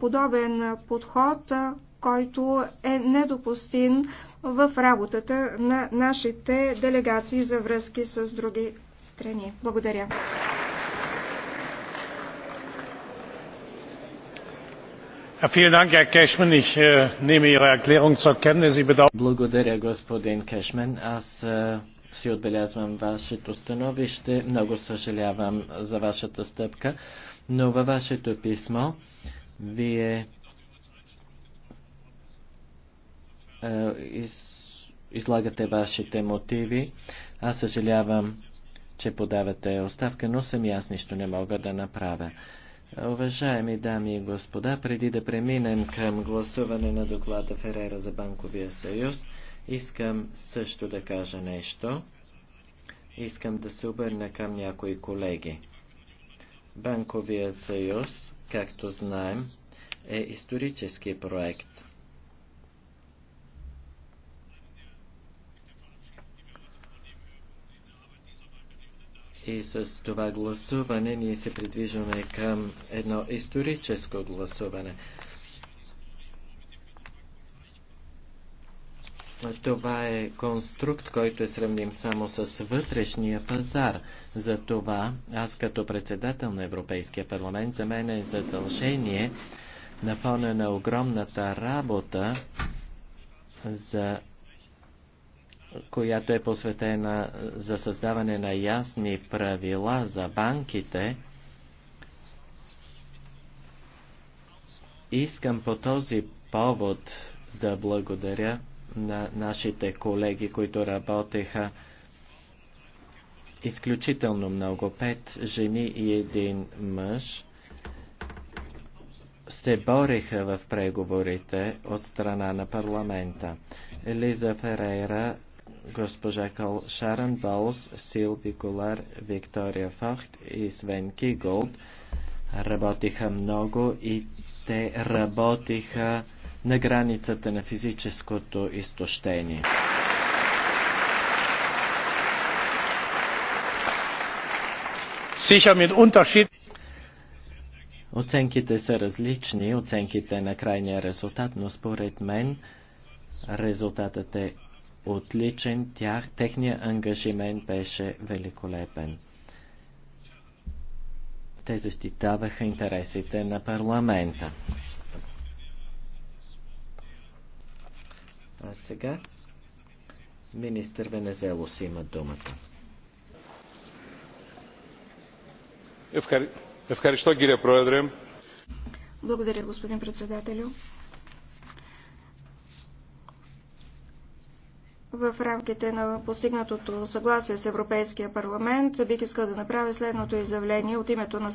подобен подход, който е недопустим в работата на нашите делегации за връзки с други страни. Благодаря. Äh, Благодаря, господин Кешмен. Аз э, си отбелязвам вашето становище. Много съжалявам за вашата стъпка, но във вашето писмо вие е, излагате вашите мотиви. Аз съжалявам, че подавате оставка, но съм аз нищо не мога да направя. Уважаеми дами и господа, преди да преминем към гласуване на доклада Ферера за Банковия съюз, искам също да кажа нещо. Искам да се обърна към някои колеги. Банковият съюз, както знаем, е исторически проект. И с това гласуване ние се придвижваме към едно историческо гласуване. Това е конструкт, който е сравним само с вътрешния пазар. За това аз като председател на Европейския парламент за мен е задължение на фона на огромната работа за която е посветена за създаване на ясни правила за банките, искам по този повод да благодаря на нашите колеги, които работеха изключително много. Пет жени и един мъж се бореха в преговорите от страна на парламента. Елиза Ферейра, госпожа Кол Шарен Болс, Силви Голар, Виктория Фахт и Свен Киголд работиха много и те работиха на границата на физическото изтощение. Оценките са различни, оценките на крайния резултат, но според мен резултатът е отличен. Тях, техният ангажимент беше великолепен. Те защитаваха интересите на парламента. А сега министър Венезелос има думата. Благодаря, господин председателю. В рамките на постигнатото съгласие с Европейския парламент бих искал да направя следното изявление от името на